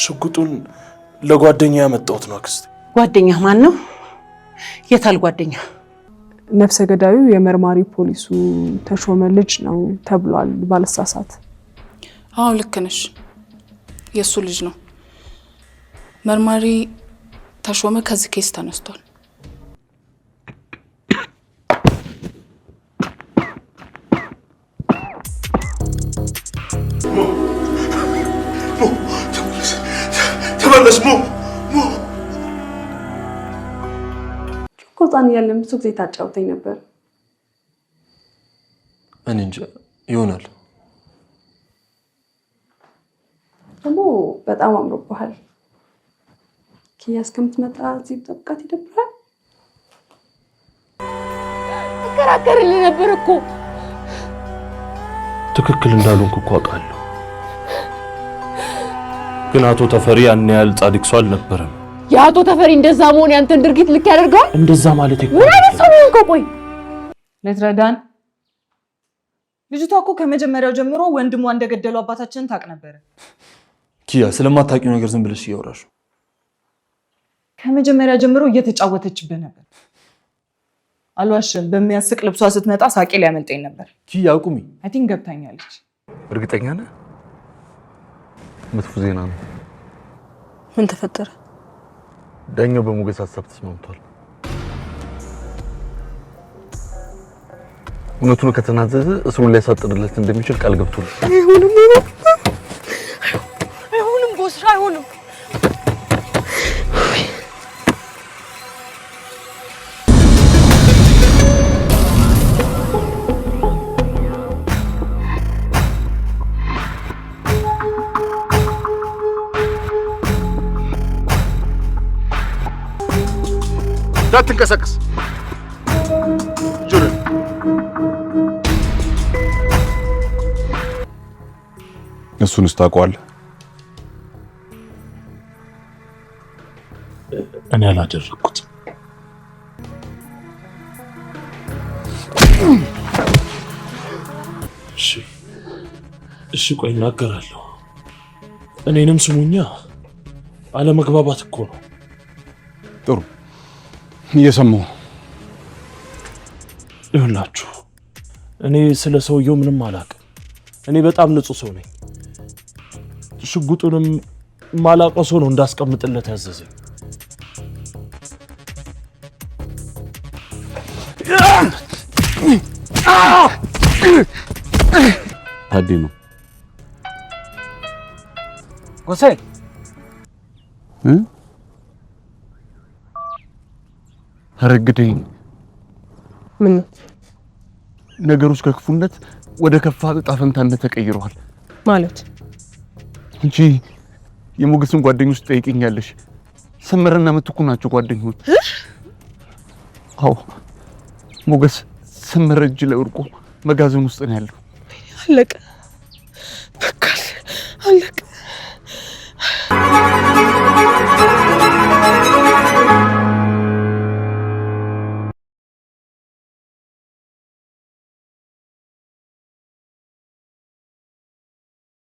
ሽጉጡን ለጓደኛ ያመጣሁት ነው አክስቴ። ጓደኛ ማን ነው? የታል ጓደኛ? ነፍሰ ገዳዩ የመርማሪ ፖሊሱ ተሾመ ልጅ ነው ተብሏል ባለሳሳት። አዎ ልክ ነሽ፣ የእሱ ልጅ ነው። መርማሪ ተሾመ ከዚህ ኬስ ተነስቷል። ተመለስ ሞ እኮ እያለን ብዙ ጊዜ ታጫውተኝ ነበር። እኔ እንጃ ይሆናል። ደግሞ በጣም አምሮብሃል። ኪያ እስከምትመጣ እዚህ ጠብቃት። ይደብራል። ተከራከርልኝ ነበር እኮ ትክክል እንዳልሆንኩ እኮ አውቃለሁ። ግን አቶ ተፈሪ ያን ያህል ጻድቅ ሰው አልነበረም። የአቶ ተፈሪ እንደዛ መሆን ያንተን ድርጊት ልክ ያደርገዋል? እንደዛ ማለት ምን አይነት ሰው ነው? ቆይ ልትረዳን። ልጅቷ እኮ ከመጀመሪያው ጀምሮ ወንድሟ እንደገደሉ አባታችንን ታውቅ ነበረ። ኪያ ስለማታውቂው ነገር ዝም ብለሽ እያወራሽ ከመጀመሪያ ጀምሮ እየተጫወተችብህ ነበር። አልዋሽም፣ በሚያስቅ ልብሷ ስትመጣ ሳቄ ሊያመልጠኝ ነበር። ኪያ አቁሚ። አይ ቲንክ ገብታኛለች። እርግጠኛ ነህ? መጥፎ ዜና ነው። ምን ተፈጠረ? ዳኛው በሞገስ ሀሳብ ተስማምቷል። እውነቱን ከተናዘዘ እስሩን ሊያሳጥርለት እንደሚችል ቃል ገብቶልኝ። አይሆንም፣ አይሆንም፣ አይሆንም ቦስ፣ አይሆንም አይሆንም አይሆንም እንዳትንቀሳቀስ። ጆን እሱን ስታውቀዋለህ? እኔ አላደረኩት። እሺ እሺ፣ ቆይ እናገራለሁ። እኔንም ስሙኛ፣ አለመግባባት እኮ ነው። ጥሩ እየሰማሁ ይሁላችሁ። እኔ ስለ ሰውየው ምንም አላውቅም። እኔ በጣም ንጹህ ሰው ነኝ። ሽጉጡንም ማላቀ ሰው ነው እንዳስቀምጥለት ያዘዘኝ። ታዴ ነው ጎሳዬ ረግደኝ። እንግዲህ ምን ነገሮች ከክፉነት ወደ ከፋ ዕጣ ፈንታነት ተቀይረዋል ማለት እንጂ የሞገስን ጓደኞች ትጠይቅኛለሽ። ሰመረና ምትኩ ናቸው ጓደኞች። አዎ ሞገስ ሰመረ እጅ ለወርቁ መጋዘን ውስጥ ነው ያለው። አለቀ።